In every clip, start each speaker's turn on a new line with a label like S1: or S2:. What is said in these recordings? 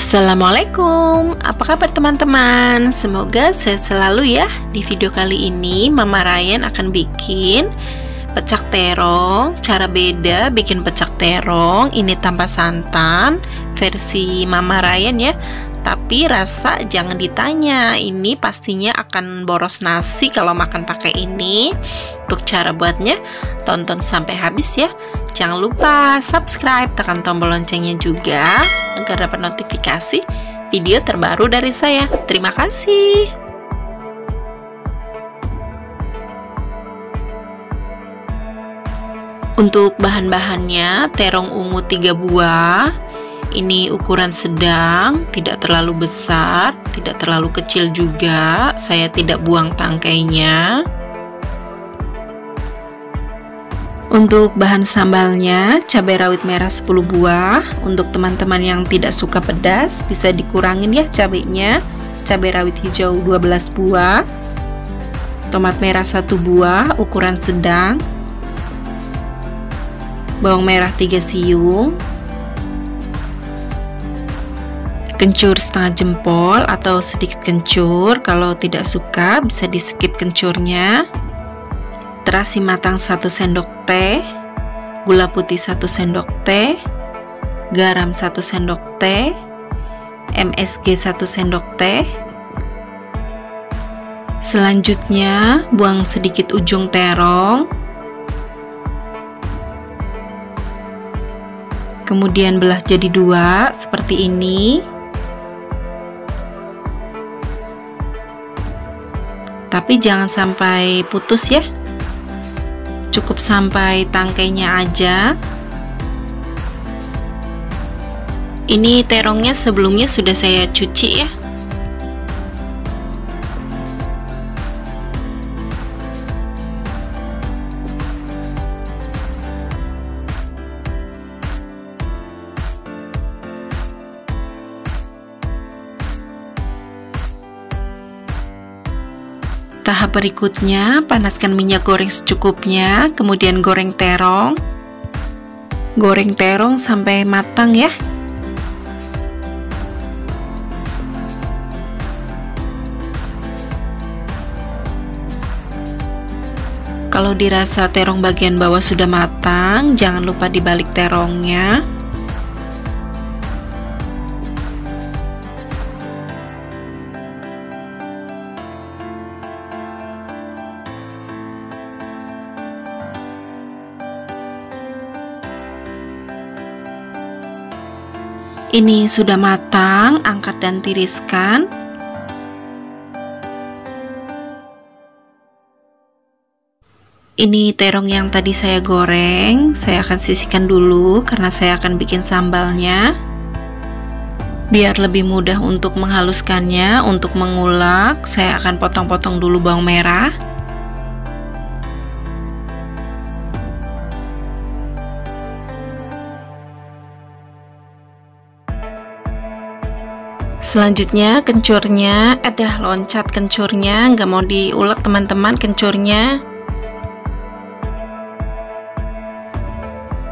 S1: Assalamualaikum, apa kabar teman-teman? Semoga sehat selalu ya Di video kali ini Mama Ryan akan bikin pecak terong Cara beda bikin pecak terong Ini tanpa santan versi Mama Ryan ya Tapi rasa jangan ditanya Ini pastinya akan boros nasi kalau makan pakai ini untuk cara buatnya, tonton sampai habis ya. Jangan lupa subscribe, tekan tombol loncengnya juga agar dapat notifikasi video terbaru dari saya. Terima kasih. Untuk bahan-bahannya, terong ungu 3 buah. Ini ukuran sedang, tidak terlalu besar, tidak terlalu kecil juga. Saya tidak buang tangkainya. Untuk bahan sambalnya, cabai rawit merah 10 buah. Untuk teman-teman yang tidak suka pedas, bisa dikurangin ya cabainya. Cabai rawit hijau 12 buah. Tomat merah 1 buah ukuran sedang. Bawang merah 3 siung. Kencur setengah jempol atau sedikit kencur, kalau tidak suka bisa di skip kencurnya terasi matang 1 sendok teh, gula putih 1 sendok teh, garam 1 sendok teh, MSG 1 sendok teh. Selanjutnya, buang sedikit ujung terong. Kemudian belah jadi dua seperti ini. Tapi jangan sampai putus ya cukup sampai tangkainya aja ini terongnya sebelumnya sudah saya cuci ya tahap berikutnya, panaskan minyak goreng secukupnya, kemudian goreng terong. Goreng terong sampai matang ya. Kalau dirasa terong bagian bawah sudah matang, jangan lupa dibalik terongnya. Ini sudah matang, angkat dan tiriskan. Ini terong yang tadi saya goreng, saya akan sisihkan dulu karena saya akan bikin sambalnya. Biar lebih mudah untuk menghaluskannya, untuk mengulak, saya akan potong-potong dulu bawang merah. selanjutnya kencurnya ada eh, loncat kencurnya nggak mau diulek teman-teman kencurnya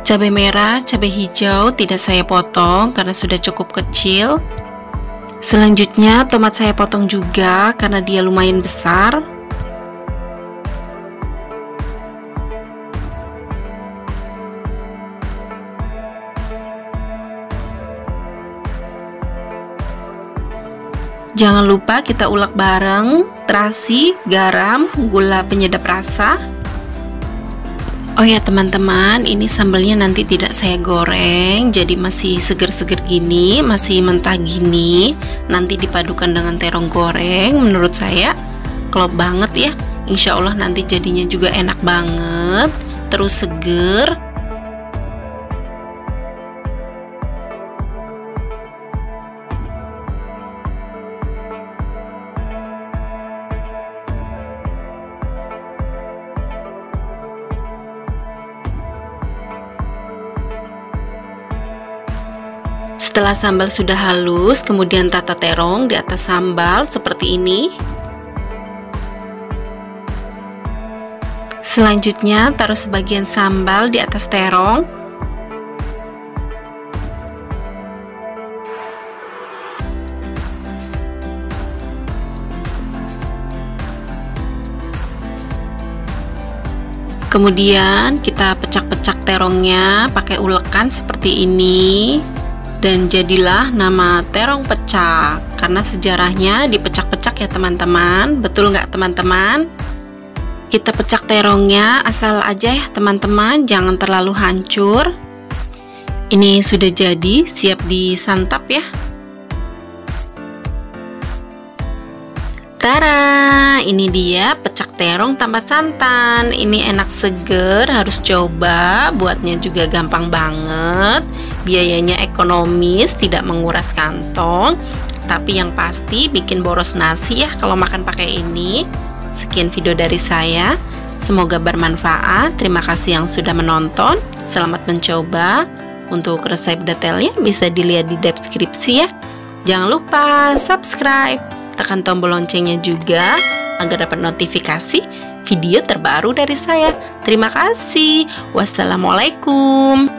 S1: cabai merah, cabai hijau tidak saya potong karena sudah cukup kecil selanjutnya tomat saya potong juga karena dia lumayan besar Jangan lupa kita ulek bareng terasi, garam, gula penyedap rasa. Oh ya teman-teman, ini sambelnya nanti tidak saya goreng, jadi masih seger-seger gini, masih mentah gini. Nanti dipadukan dengan terong goreng, menurut saya klop banget ya. Insya Allah nanti jadinya juga enak banget, terus seger, Setelah sambal sudah halus, kemudian tata terong di atas sambal seperti ini. Selanjutnya, taruh sebagian sambal di atas terong. Kemudian kita pecah-pecah terongnya pakai ulekan seperti ini dan jadilah nama terong pecak karena sejarahnya dipecak-pecak ya teman-teman betul nggak teman-teman kita pecak terongnya asal aja ya teman-teman jangan terlalu hancur ini sudah jadi siap disantap ya Tara, ini dia pecak terong tambah santan. Ini enak seger, harus coba. Buatnya juga gampang banget. Biayanya ekonomis, tidak menguras kantong. Tapi yang pasti bikin boros nasi ya kalau makan pakai ini. Sekian video dari saya. Semoga bermanfaat. Terima kasih yang sudah menonton. Selamat mencoba. Untuk resep detailnya bisa dilihat di deskripsi ya. Jangan lupa subscribe tekan tombol loncengnya juga agar dapat notifikasi video terbaru dari saya. Terima kasih. Wassalamualaikum.